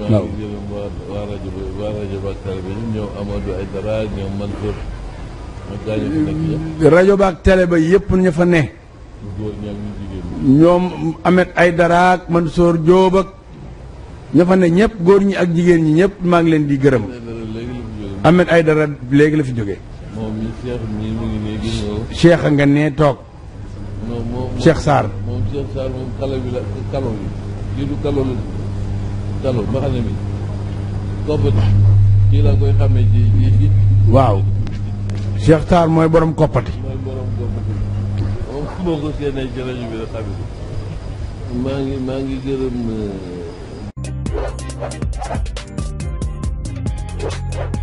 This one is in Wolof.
rajo bi waa rajo Baak Télé ba ñoom ñoom Amadou Aïdara ñoom Mansour yëpp ña fa ne. ñoom Ahmed Aïdara ak Mansour Diop ak ne ñëpp góor ñi ak jigéen ñi ñëpp maa ngi leen di gërëm. Ahmed Aïdara léegi la fi jógee. moom mi Cheikh nga ne toog. Cheikh Sarr moom Gallo mbaxal na mi koppati kii laa koy xam ci ji waaw Cheikh Sarr mooy borom koppati mooy borom koppati moo ko seenee ci rajo bi rek xamee maa ngi maa ngi gërëm euh,